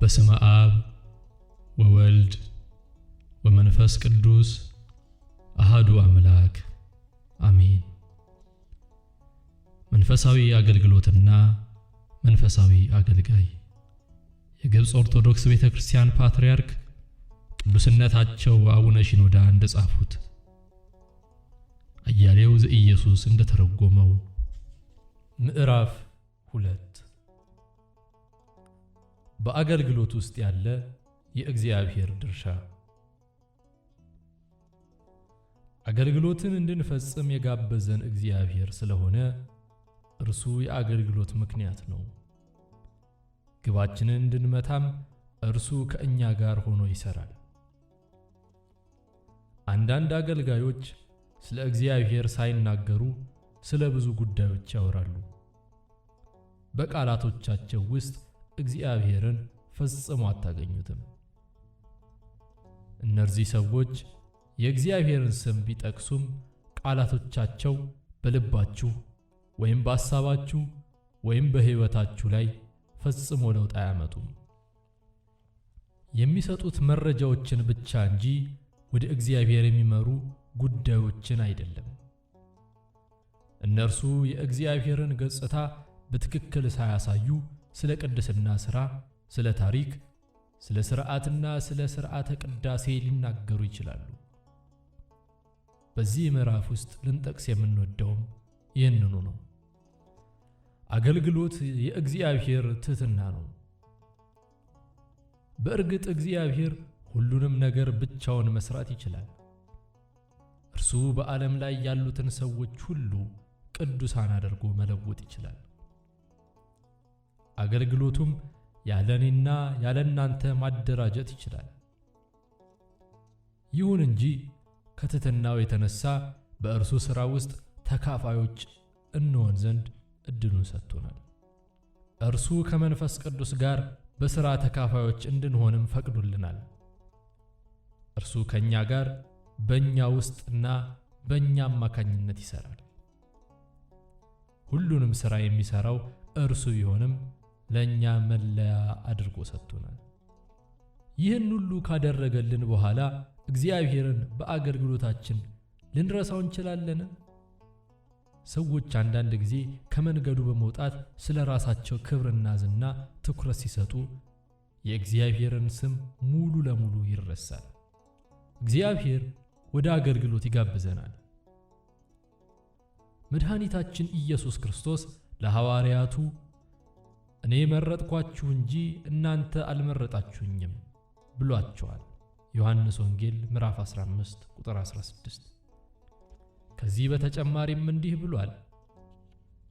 በስመ አብ ወወልድ ወመንፈስ ቅዱስ አሃዱ አምላክ አሜን። መንፈሳዊ አገልግሎትና መንፈሳዊ አገልጋይ የግብፅ ኦርቶዶክስ ቤተ ክርስቲያን ፓትርያርክ ቅዱስነታቸው አቡነ ሺኖዳ እንደጻፉት አያሌው ዘኢየሱስ እንደተረጎመው ምዕራፍ ሁለት በአገልግሎት ውስጥ ያለ የእግዚአብሔር ድርሻ አገልግሎትን እንድንፈጽም የጋበዘን እግዚአብሔር ስለሆነ እርሱ የአገልግሎት ምክንያት ነው። ግባችንን እንድንመታም እርሱ ከእኛ ጋር ሆኖ ይሰራል። አንዳንድ አገልጋዮች ስለ እግዚአብሔር ሳይናገሩ ስለ ብዙ ጉዳዮች ያወራሉ። በቃላቶቻቸው ውስጥ እግዚአብሔርን ፈጽሞ አታገኙትም። እነዚህ ሰዎች የእግዚአብሔርን ስም ቢጠቅሱም ቃላቶቻቸው በልባችሁ ወይም በሐሳባችሁ ወይም በሕይወታችሁ ላይ ፈጽሞ ለውጥ አያመጡም። የሚሰጡት መረጃዎችን ብቻ እንጂ ወደ እግዚአብሔር የሚመሩ ጉዳዮችን አይደለም። እነርሱ የእግዚአብሔርን ገጽታ በትክክል ሳያሳዩ ስለ ቅድስና ሥራ፣ ስለ ታሪክ፣ ስለ ሥርዓትና ስለ ሥርዓተ ቅዳሴ ሊናገሩ ይችላሉ። በዚህ ምዕራፍ ውስጥ ልንጠቅስ የምንወደውም ይህንኑ ነው። አገልግሎት የእግዚአብሔር ትሕትና ነው። በእርግጥ እግዚአብሔር ሁሉንም ነገር ብቻውን መስራት ይችላል። እርሱ በዓለም ላይ ያሉትን ሰዎች ሁሉ ቅዱሳን አድርጎ መለወጥ ይችላል። አገልግሎቱም ያለ እኔና ያለ እናንተ ማደራጀት ይችላል። ይሁን እንጂ ከትሕትናው የተነሳ በእርሱ ሥራ ውስጥ ተካፋዮች እንሆን ዘንድ እድሉን ሰጥቶናል። እርሱ ከመንፈስ ቅዱስ ጋር በሥራ ተካፋዮች እንድንሆንም ፈቅዶልናል። እርሱ ከእኛ ጋር በእኛ ውስጥና በእኛ አማካኝነት ይሠራል። ሁሉንም ሥራ የሚሠራው እርሱ ቢሆንም ለእኛ መለያ አድርጎ ሰጥቶናል። ይህን ሁሉ ካደረገልን በኋላ እግዚአብሔርን በአገልግሎታችን ልንረሳው እንችላለን? ሰዎች አንዳንድ ጊዜ ከመንገዱ በመውጣት ስለ ራሳቸው ክብርና ዝና ትኩረት ሲሰጡ የእግዚአብሔርን ስም ሙሉ ለሙሉ ይረሳል። እግዚአብሔር ወደ አገልግሎት ይጋብዘናል። መድኃኒታችን ኢየሱስ ክርስቶስ ለሐዋርያቱ እኔ መረጥኳችሁ እንጂ እናንተ አልመረጣችሁኝም ብሏቸዋል። ዮሐንስ ወንጌል ምዕራፍ 15 ቁጥር 16። ከዚህ በተጨማሪም እንዲህ ብሏል፣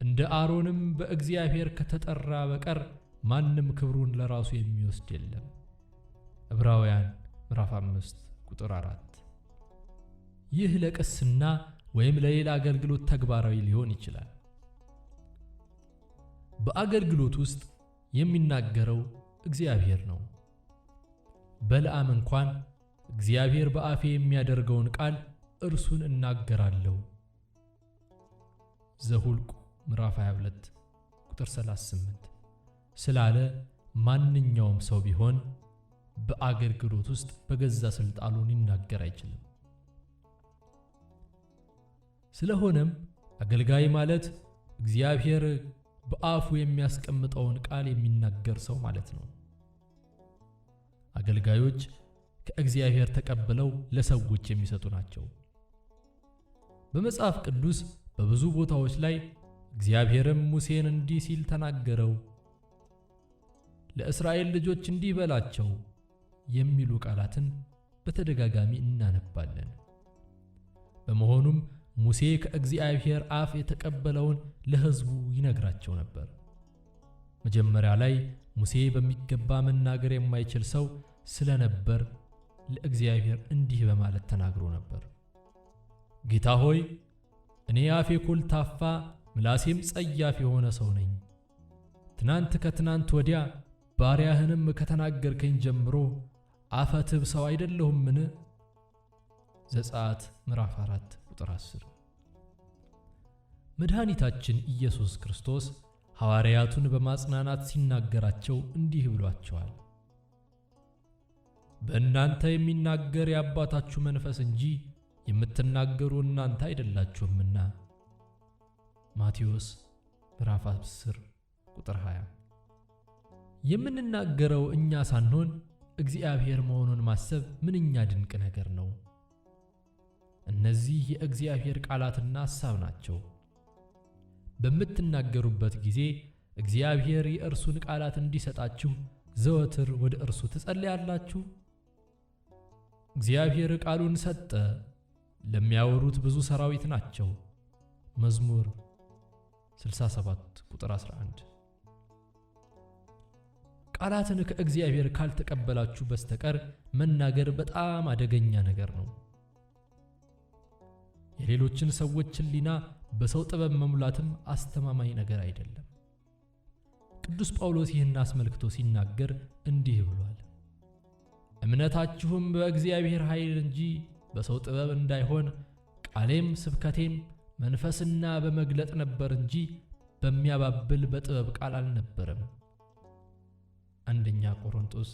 እንደ አሮንም በእግዚአብሔር ከተጠራ በቀር ማንም ክብሩን ለራሱ የሚወስድ የለም። ዕብራውያን ምዕራፍ 5 ቁጥር 4። ይህ ለቅስና ወይም ለሌላ አገልግሎት ተግባራዊ ሊሆን ይችላል። በአገልግሎት ውስጥ የሚናገረው እግዚአብሔር ነው። በልዓም እንኳን እግዚአብሔር በአፌ የሚያደርገውን ቃል እርሱን እናገራለሁ። ዘሁልቁ ምዕራፍ 22 ቁጥር 38 ስላለ ማንኛውም ሰው ቢሆን በአገልግሎት ውስጥ በገዛ ስልጣኑ ሊናገር አይችልም። ስለሆነም አገልጋይ ማለት እግዚአብሔር በአፉ የሚያስቀምጠውን ቃል የሚናገር ሰው ማለት ነው። አገልጋዮች ከእግዚአብሔር ተቀብለው ለሰዎች የሚሰጡ ናቸው። በመጽሐፍ ቅዱስ በብዙ ቦታዎች ላይ እግዚአብሔርም ሙሴን እንዲህ ሲል ተናገረው፣ ለእስራኤል ልጆች እንዲህ በላቸው የሚሉ ቃላትን በተደጋጋሚ እናነባለን። በመሆኑም ሙሴ ከእግዚአብሔር አፍ የተቀበለውን ለሕዝቡ ይነግራቸው ነበር። መጀመሪያ ላይ ሙሴ በሚገባ መናገር የማይችል ሰው ስለነበር ለእግዚአብሔር እንዲህ በማለት ተናግሮ ነበር። ጌታ ሆይ እኔ አፌ ኮልታፋ ምላሴም ጸያፍ የሆነ ሰው ነኝ። ትናንት ከትናንት ወዲያ ባሪያህንም ከተናገርከኝ ጀምሮ አፈ ትብ ሰው አይደለሁምን? ዘጸአት ምዕራፍ 4 ቁጥር 10 መድኃኒታችን ኢየሱስ ክርስቶስ ሐዋርያቱን በማጽናናት ሲናገራቸው እንዲህ ብሏቸዋል። በእናንተ የሚናገር የአባታችሁ መንፈስ እንጂ የምትናገሩ እናንተ አይደላችሁምና። ማቴዎስ ምዕራፍ 10 ቁጥር 20። የምንናገረው እኛ ሳንሆን እግዚአብሔር መሆኑን ማሰብ ምንኛ ድንቅ ነገር ነው! እነዚህ የእግዚአብሔር ቃላትና ሐሳብ ናቸው። በምትናገሩበት ጊዜ እግዚአብሔር የእርሱን ቃላት እንዲሰጣችሁ ዘወትር ወደ እርሱ ትጸልያላችሁ። እግዚአብሔር ቃሉን ሰጠ፣ ለሚያወሩት ብዙ ሰራዊት ናቸው። መዝሙር 67 ቁጥር 11። ቃላትን ከእግዚአብሔር ካልተቀበላችሁ በስተቀር መናገር በጣም አደገኛ ነገር ነው። የሌሎችን ሰዎች ሕሊና በሰው ጥበብ መሙላትም አስተማማኝ ነገር አይደለም። ቅዱስ ጳውሎስ ይህን አስመልክቶ ሲናገር እንዲህ ብሏል፣ እምነታችሁም በእግዚአብሔር ኃይል እንጂ በሰው ጥበብ እንዳይሆን ቃሌም ስብከቴም መንፈስና በመግለጥ ነበር እንጂ በሚያባብል በጥበብ ቃል አልነበረም። አንደኛ ቆሮንቶስ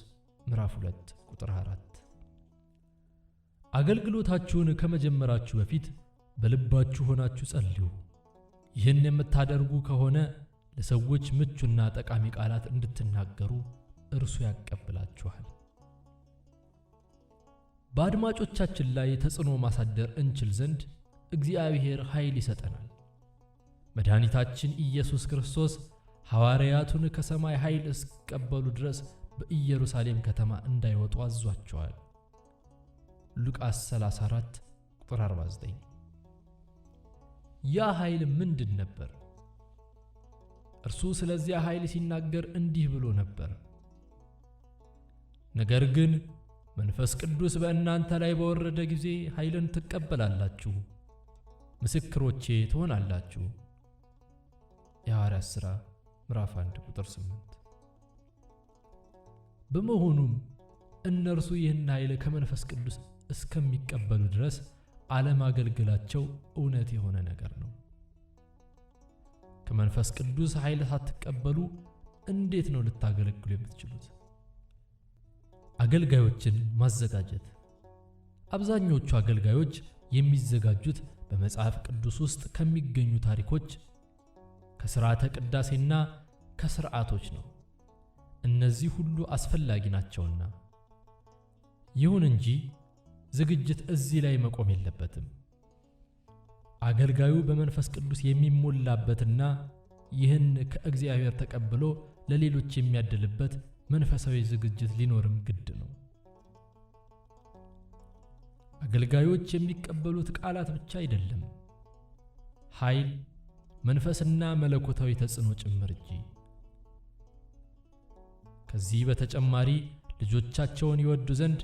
ምዕራፍ 2 ቁጥር 4። አገልግሎታችሁን ከመጀመራችሁ በፊት በልባችሁ ሆናችሁ ጸልዩ። ይህን የምታደርጉ ከሆነ ለሰዎች ምቹና ጠቃሚ ቃላት እንድትናገሩ እርሱ ያቀብላችኋል። በአድማጮቻችን ላይ ተጽዕኖ ማሳደር እንችል ዘንድ እግዚአብሔር ኃይል ይሰጠናል። መድኃኒታችን ኢየሱስ ክርስቶስ ሐዋርያቱን ከሰማይ ኃይል እስቀበሉ ድረስ በኢየሩሳሌም ከተማ እንዳይወጡ አዟቸዋል። ሉቃስ 34 ቁጥር 49 ያ ኃይል ምንድን ነበር? እርሱ ስለዚያ ኃይል ሲናገር እንዲህ ብሎ ነበር። ነገር ግን መንፈስ ቅዱስ በእናንተ ላይ በወረደ ጊዜ ኃይልን ትቀበላላችሁ፣ ምስክሮቼ ትሆናላችሁ። የሐዋርያት ሥራ ምዕራፍ 1 ቁጥር 8። በመሆኑም እነርሱ ይህን ኃይል ከመንፈስ ቅዱስ እስከሚቀበሉ ድረስ አለማገልገላቸው እውነት የሆነ ነገር ነው። ከመንፈስ ቅዱስ ኃይል ሳትቀበሉ እንዴት ነው ልታገለግሉ የምትችሉት? አገልጋዮችን ማዘጋጀት። አብዛኞቹ አገልጋዮች የሚዘጋጁት በመጽሐፍ ቅዱስ ውስጥ ከሚገኙ ታሪኮች፣ ከሥርዓተ ቅዳሴና ከሥርዓቶች ነው። እነዚህ ሁሉ አስፈላጊ ናቸውና። ይሁን እንጂ ዝግጅት እዚህ ላይ መቆም የለበትም። አገልጋዩ በመንፈስ ቅዱስ የሚሞላበትና ይህን ከእግዚአብሔር ተቀብሎ ለሌሎች የሚያድልበት መንፈሳዊ ዝግጅት ሊኖርም ግድ ነው። አገልጋዮች የሚቀበሉት ቃላት ብቻ አይደለም፣ ኃይል፣ መንፈስና መለኮታዊ ተጽዕኖ ጭምር እንጂ። ከዚህ በተጨማሪ ልጆቻቸውን ይወዱ ዘንድ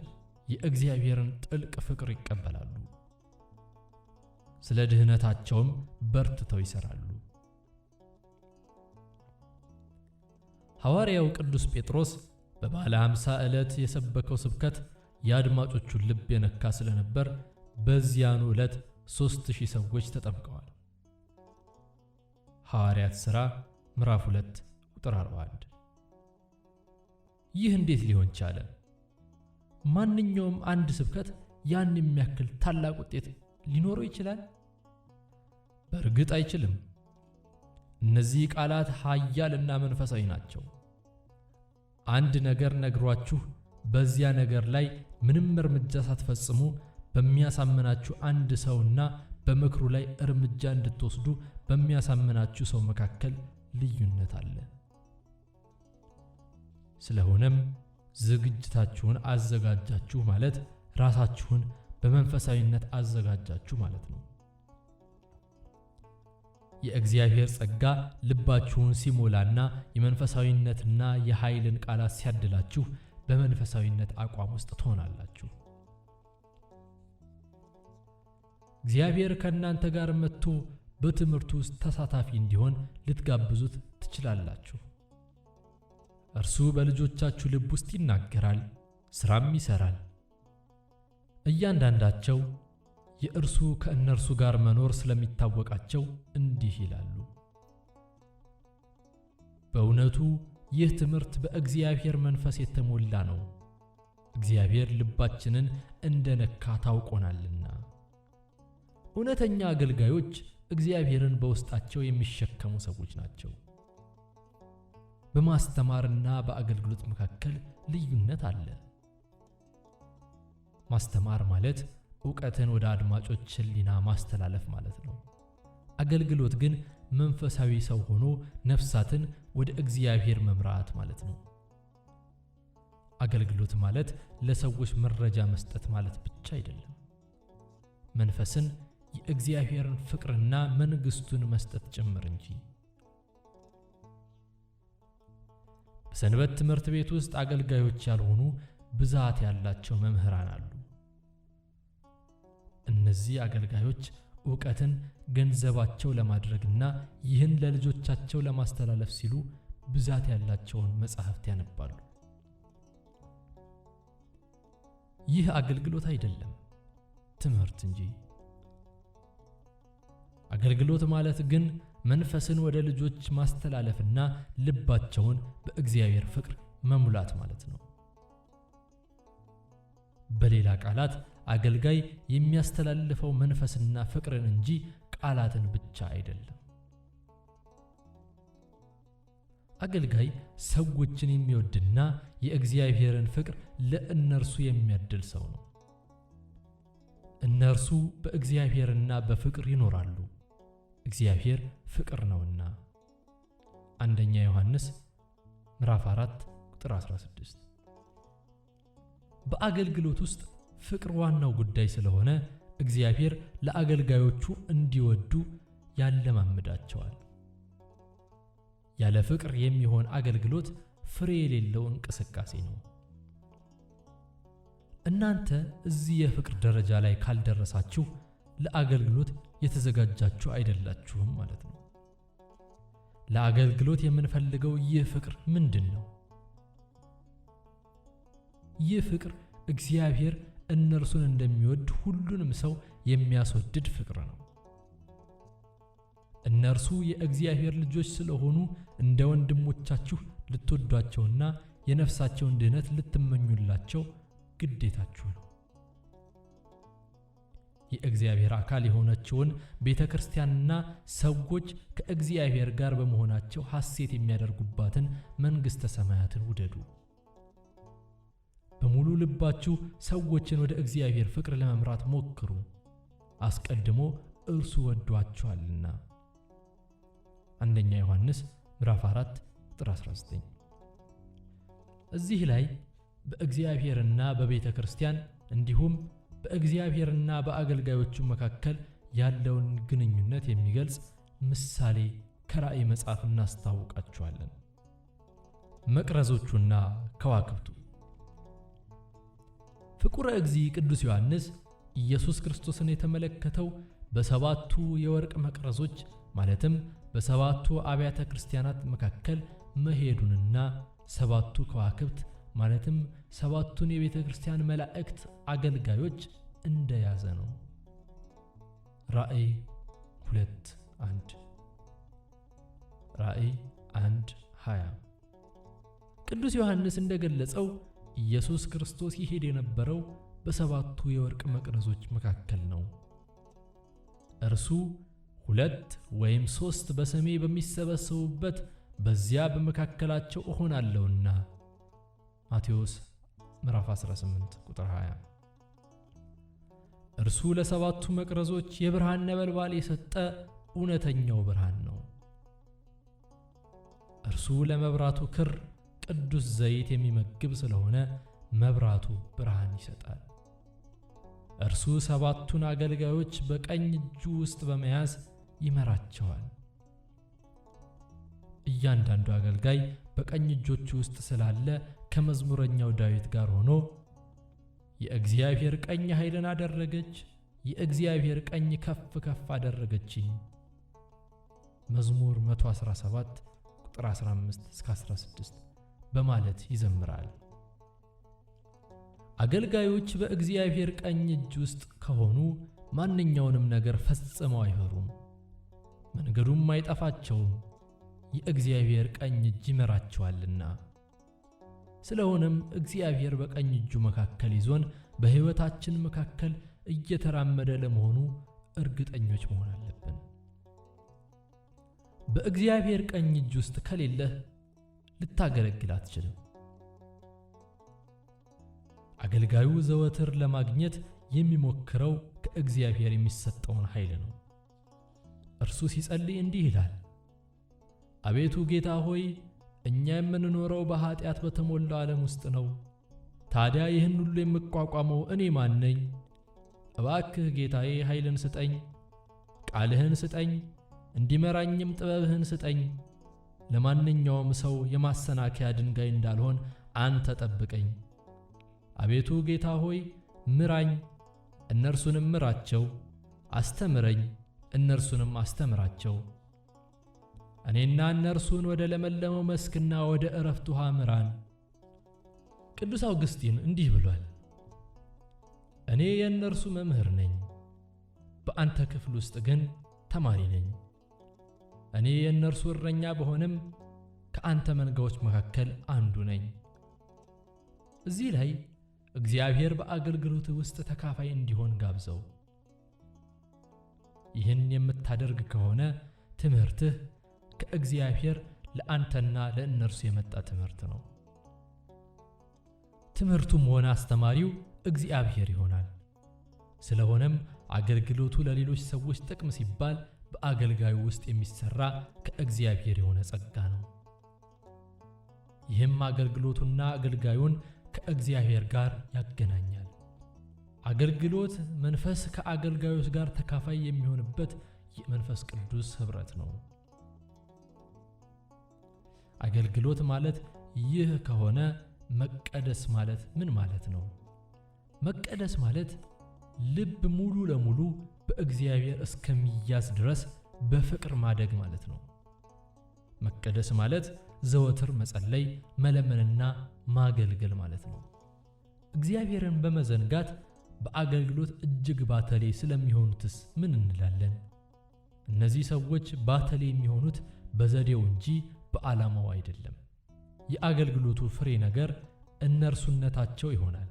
የእግዚአብሔርን ጥልቅ ፍቅር ይቀበላሉ። ስለ ድህነታቸውም በርትተው ይሰራሉ። ሐዋርያው ቅዱስ ጴጥሮስ በባለ ሃምሳ ዕለት የሰበከው ስብከት የአድማጮቹን ልብ የነካ ስለነበር በዚያኑ ዕለት ሦስት ሺህ ሰዎች ተጠምቀዋል። ሐዋርያት ሥራ ምዕራፍ 2 ቁጥር 41። ይህ እንዴት ሊሆን ቻለ? ማንኛውም አንድ ስብከት ያን የሚያክል ታላቅ ውጤት ሊኖረው ይችላል? በእርግጥ አይችልም። እነዚህ ቃላት ኃያልና መንፈሳዊ ናቸው። አንድ ነገር ነግሯችሁ በዚያ ነገር ላይ ምንም እርምጃ ሳትፈጽሙ በሚያሳምናችሁ አንድ ሰውና በምክሩ ላይ እርምጃ እንድትወስዱ በሚያሳምናችሁ ሰው መካከል ልዩነት አለ። ስለሆነም ዝግጅታችሁን አዘጋጃችሁ ማለት ራሳችሁን በመንፈሳዊነት አዘጋጃችሁ ማለት ነው። የእግዚአብሔር ጸጋ ልባችሁን ሲሞላና የመንፈሳዊነትና የኃይልን ቃላት ሲያድላችሁ በመንፈሳዊነት አቋም ውስጥ ትሆናላችሁ። እግዚአብሔር ከእናንተ ጋር መጥቶ በትምህርቱ ውስጥ ተሳታፊ እንዲሆን ልትጋብዙት ትችላላችሁ። እርሱ በልጆቻችሁ ልብ ውስጥ ይናገራል፣ ሥራም ይሠራል። እያንዳንዳቸው የእርሱ ከእነርሱ ጋር መኖር ስለሚታወቃቸው እንዲህ ይላሉ። በእውነቱ ይህ ትምህርት በእግዚአብሔር መንፈስ የተሞላ ነው፣ እግዚአብሔር ልባችንን እንደ ነካ ታውቆናልና። እውነተኛ አገልጋዮች እግዚአብሔርን በውስጣቸው የሚሸከሙ ሰዎች ናቸው። በማስተማርና በአገልግሎት መካከል ልዩነት አለ። ማስተማር ማለት እውቀትን ወደ አድማጮች ሕሊና ማስተላለፍ ማለት ነው። አገልግሎት ግን መንፈሳዊ ሰው ሆኖ ነፍሳትን ወደ እግዚአብሔር መምራት ማለት ነው። አገልግሎት ማለት ለሰዎች መረጃ መስጠት ማለት ብቻ አይደለም። መንፈስን የእግዚአብሔርን ፍቅርና መንግስቱን መስጠት ጭምር እንጂ በሰንበት ትምህርት ቤት ውስጥ አገልጋዮች ያልሆኑ ብዛት ያላቸው መምህራን አሉ። እነዚህ አገልጋዮች እውቀትን ገንዘባቸው ለማድረግና ይህን ለልጆቻቸው ለማስተላለፍ ሲሉ ብዛት ያላቸውን መጻሕፍት ያነባሉ። ይህ አገልግሎት አይደለም፣ ትምህርት እንጂ አገልግሎት ማለት ግን መንፈስን ወደ ልጆች ማስተላለፍና ልባቸውን በእግዚአብሔር ፍቅር መሙላት ማለት ነው። በሌላ ቃላት አገልጋይ የሚያስተላልፈው መንፈስና ፍቅርን እንጂ ቃላትን ብቻ አይደለም። አገልጋይ ሰዎችን የሚወድና የእግዚአብሔርን ፍቅር ለእነርሱ የሚያድል ሰው ነው። እነርሱ በእግዚአብሔርና በፍቅር ይኖራሉ። እግዚአብሔር ፍቅር ነውና። አንደኛ ዮሐንስ ምዕራፍ 4 ቁጥር 16። በአገልግሎት ውስጥ ፍቅር ዋናው ጉዳይ ስለሆነ እግዚአብሔር ለአገልጋዮቹ እንዲወዱ ያለማምዳቸዋል። ያለ ፍቅር የሚሆን አገልግሎት ፍሬ የሌለው እንቅስቃሴ ነው። እናንተ እዚህ የፍቅር ደረጃ ላይ ካልደረሳችሁ ለአገልግሎት የተዘጋጃችሁ አይደላችሁም ማለት ነው። ለአገልግሎት የምንፈልገው ይህ ፍቅር ምንድን ነው? ይህ ፍቅር እግዚአብሔር እነርሱን እንደሚወድ ሁሉንም ሰው የሚያስወድድ ፍቅር ነው። እነርሱ የእግዚአብሔር ልጆች ስለሆኑ እንደ ወንድሞቻችሁ ልትወዷቸውና የነፍሳቸውን ድህነት ልትመኙላቸው ግዴታችሁ ነው። የእግዚአብሔር አካል የሆነችውን ቤተ ክርስቲያንና ሰዎች ከእግዚአብሔር ጋር በመሆናቸው ሐሴት የሚያደርጉባትን መንግሥተ ሰማያትን ውደዱ። በሙሉ ልባችሁ ሰዎችን ወደ እግዚአብሔር ፍቅር ለመምራት ሞክሩ፣ አስቀድሞ እርሱ ወዷችኋልና። አንደኛ ዮሐንስ ምዕራፍ 4 ቁጥር 19። እዚህ ላይ በእግዚአብሔርና በቤተ ክርስቲያን እንዲሁም በእግዚአብሔርና በአገልጋዮቹ መካከል ያለውን ግንኙነት የሚገልጽ ምሳሌ ከራእይ መጽሐፍ እናስታውቃችኋለን። መቅረዞቹና ከዋክብቱ ፍቁረ እግዚ ቅዱስ ዮሐንስ ኢየሱስ ክርስቶስን የተመለከተው በሰባቱ የወርቅ መቅረዞች ማለትም በሰባቱ አብያተ ክርስቲያናት መካከል መሄዱንና ሰባቱ ከዋክብት ማለትም ሰባቱን የቤተ ክርስቲያን መላእክት አገልጋዮች እንደያዘ ነው። ራእይ ሁለት አንድ ራእይ አንድ ሃያ ቅዱስ ዮሐንስ እንደገለጸው ኢየሱስ ክርስቶስ ይሄድ የነበረው በሰባቱ የወርቅ መቅረዞች መካከል ነው። እርሱ ሁለት ወይም ሦስት በስሜ በሚሰበሰቡበት በዚያ በመካከላቸው እሆናለሁና ማቴዎስ ምዕራፍ 18 ቁጥር 20 እርሱ ለሰባቱ መቅረዞች የብርሃን ነበልባል የሰጠ እውነተኛው ብርሃን ነው። እርሱ ለመብራቱ ክር ቅዱስ ዘይት የሚመግብ ስለሆነ መብራቱ ብርሃን ይሰጣል። እርሱ ሰባቱን አገልጋዮች በቀኝ እጁ ውስጥ በመያዝ ይመራቸዋል። እያንዳንዱ አገልጋይ በቀኝ እጆቹ ውስጥ ስላለ ከመዝሙረኛው ዳዊት ጋር ሆኖ የእግዚአብሔር ቀኝ ኃይልን አደረገች፣ የእግዚአብሔር ቀኝ ከፍ ከፍ አደረገች መዝሙር 117 ቁጥር 15 እስከ 16 በማለት ይዘምራል። አገልጋዮች በእግዚአብሔር ቀኝ እጅ ውስጥ ከሆኑ ማንኛውንም ነገር ፈጽመው አይፈሩም፣ መንገዱም አይጠፋቸውም፣ የእግዚአብሔር ቀኝ እጅ ይመራቸዋልና። ስለሆነም እግዚአብሔር በቀኝ እጁ መካከል ይዞን በሕይወታችን መካከል እየተራመደ ለመሆኑ እርግጠኞች መሆን አለብን። በእግዚአብሔር ቀኝ እጅ ውስጥ ከሌለህ ልታገለግል አትችልም። አገልጋዩ ዘወትር ለማግኘት የሚሞክረው ከእግዚአብሔር የሚሰጠውን ኃይል ነው። እርሱ ሲጸልይ እንዲህ ይላል፦ አቤቱ ጌታ ሆይ እኛ የምንኖረው በኀጢአት በተሞላው ዓለም ውስጥ ነው። ታዲያ ይህን ሁሉ የምቋቋመው እኔ ማን ነኝ? እባክህ ጌታዬ ኃይልን ስጠኝ፣ ቃልህን ስጠኝ፣ እንዲመራኝም ጥበብህን ስጠኝ። ለማንኛውም ሰው የማሰናከያ ድንጋይ እንዳልሆን አንተ ጠብቀኝ። አቤቱ ጌታ ሆይ ምራኝ፣ እነርሱንም ምራቸው፣ አስተምረኝ፣ እነርሱንም አስተምራቸው። እኔና እነርሱን ወደ ለመለመው መስክና ወደ እረፍት ውሃ ምራን። ቅዱስ አውግስጢን እንዲህ ብሏል፣ እኔ የእነርሱ መምህር ነኝ፣ በአንተ ክፍል ውስጥ ግን ተማሪ ነኝ። እኔ የእነርሱ እረኛ በሆንም ከአንተ መንጋዎች መካከል አንዱ ነኝ። እዚህ ላይ እግዚአብሔር በአገልግሎት ውስጥ ተካፋይ እንዲሆን ጋብዘው። ይህን የምታደርግ ከሆነ ትምህርትህ ከእግዚአብሔር ለአንተና ለእነርሱ የመጣ ትምህርት ነው። ትምህርቱም ሆነ አስተማሪው እግዚአብሔር ይሆናል። ስለሆነም አገልግሎቱ ለሌሎች ሰዎች ጥቅም ሲባል በአገልጋዩ ውስጥ የሚሰራ ከእግዚአብሔር የሆነ ጸጋ ነው። ይህም አገልግሎቱና አገልጋዩን ከእግዚአብሔር ጋር ያገናኛል። አገልግሎት መንፈስ ከአገልጋዮች ጋር ተካፋይ የሚሆንበት የመንፈስ ቅዱስ ኅብረት ነው። አገልግሎት ማለት ይህ ከሆነ መቀደስ ማለት ምን ማለት ነው? መቀደስ ማለት ልብ ሙሉ ለሙሉ በእግዚአብሔር እስከሚያዝ ድረስ በፍቅር ማደግ ማለት ነው። መቀደስ ማለት ዘወትር መጸለይ፣ መለመንና ማገልገል ማለት ነው። እግዚአብሔርን በመዘንጋት በአገልግሎት እጅግ ባተሌ ስለሚሆኑትስ ምን እንላለን? እነዚህ ሰዎች ባተሌ የሚሆኑት በዘዴው እንጂ በዓላማው አይደለም። የአገልግሎቱ ፍሬ ነገር እነርሱነታቸው ይሆናል።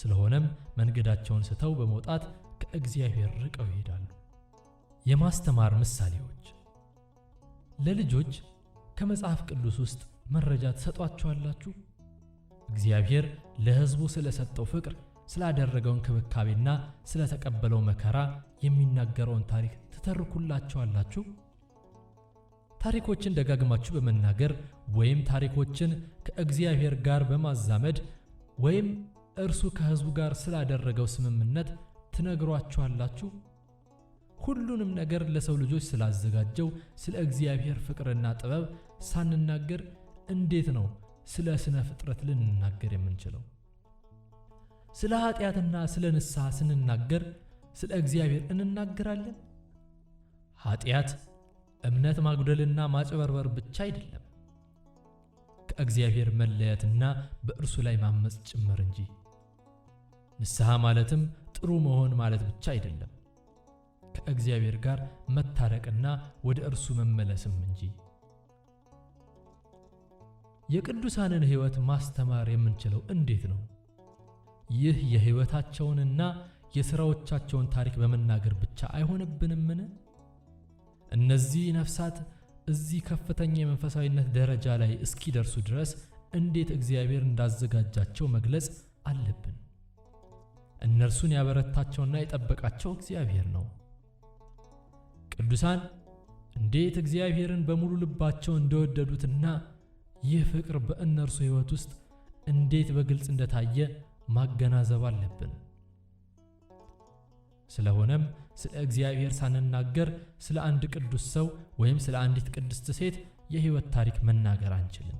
ስለሆነም መንገዳቸውን ስተው በመውጣት ከእግዚአብሔር ርቀው ይሄዳሉ። የማስተማር ምሳሌዎች ለልጆች ከመጽሐፍ ቅዱስ ውስጥ መረጃ ትሰጧቸዋላችሁ። እግዚአብሔር ለሕዝቡ ስለሰጠው ፍቅር፣ ስላደረገው እንክብካቤና ስለተቀበለው መከራ የሚናገረውን ታሪክ ትተርኩላቸዋላችሁ። ታሪኮችን ደጋግማችሁ በመናገር ወይም ታሪኮችን ከእግዚአብሔር ጋር በማዛመድ ወይም እርሱ ከሕዝቡ ጋር ስላደረገው ስምምነት ትነግሯችኋላችሁ። ሁሉንም ነገር ለሰው ልጆች ስላዘጋጀው ስለ እግዚአብሔር ፍቅርና ጥበብ ሳንናገር እንዴት ነው ስለ ሥነ ፍጥረት ልንናገር የምንችለው? ስለ ኃጢአትና ስለ ንስሐ ስንናገር ስለ እግዚአብሔር እንናገራለን? ኃጢአት እምነት ማጉደልና ማጭበርበር ብቻ አይደለም፣ ከእግዚአብሔር መለየትና በእርሱ ላይ ማመፅ ጭምር እንጂ። ንስሐ ማለትም ጥሩ መሆን ማለት ብቻ አይደለም፣ ከእግዚአብሔር ጋር መታረቅና ወደ እርሱ መመለስም እንጂ። የቅዱሳንን ሕይወት ማስተማር የምንችለው እንዴት ነው? ይህ የሕይወታቸውንና የሥራዎቻቸውን ታሪክ በመናገር ብቻ አይሆንብንምን? እነዚህ ነፍሳት እዚህ ከፍተኛ የመንፈሳዊነት ደረጃ ላይ እስኪደርሱ ድረስ እንዴት እግዚአብሔር እንዳዘጋጃቸው መግለጽ አለብን። እነርሱን ያበረታቸውና የጠበቃቸው እግዚአብሔር ነው። ቅዱሳን እንዴት እግዚአብሔርን በሙሉ ልባቸው እንደወደዱትና ይህ ፍቅር በእነርሱ ሕይወት ውስጥ እንዴት በግልጽ እንደታየ ማገናዘብ አለብን። ስለሆነም ስለ እግዚአብሔር ሳንናገር ስለ አንድ ቅዱስ ሰው ወይም ስለ አንዲት ቅድስት ሴት የሕይወት ታሪክ መናገር አንችልም።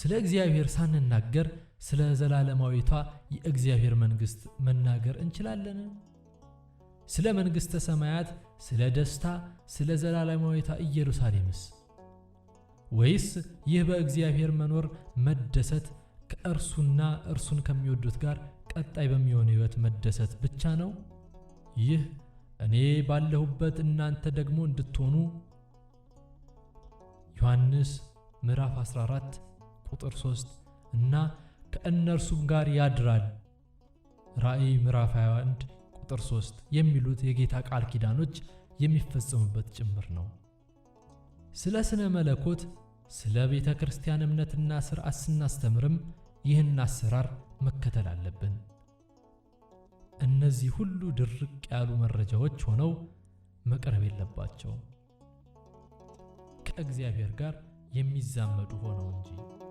ስለ እግዚአብሔር ሳንናገር ስለ ዘላለማዊቷ የእግዚአብሔር መንግሥት መናገር እንችላለን? ስለ መንግሥተ ሰማያት፣ ስለ ደስታ፣ ስለ ዘላለማዊቷ ኢየሩሳሌምስ? ወይስ ይህ በእግዚአብሔር መኖር መደሰት ከእርሱና እርሱን ከሚወዱት ጋር ቀጣይ በሚሆን ሕይወት መደሰት ብቻ ነው? ይህ እኔ ባለሁበት እናንተ ደግሞ እንድትሆኑ ዮሐንስ ምዕራፍ 14 ቁጥር 3 እና ከእነርሱም ጋር ያድራል ራእይ ምዕራፍ 21 ቁጥር 3 የሚሉት የጌታ ቃል ኪዳኖች የሚፈጸሙበት ጭምር ነው። ስለ ስነ መለኮት፣ ስለ ቤተ ክርስቲያን እምነትና ስርዓት ስናስተምርም ይህን አሰራር መከተል አለብን። እነዚህ ሁሉ ድርቅ ያሉ መረጃዎች ሆነው መቅረብ የለባቸውም ከእግዚአብሔር ጋር የሚዛመዱ ሆነው እንጂ።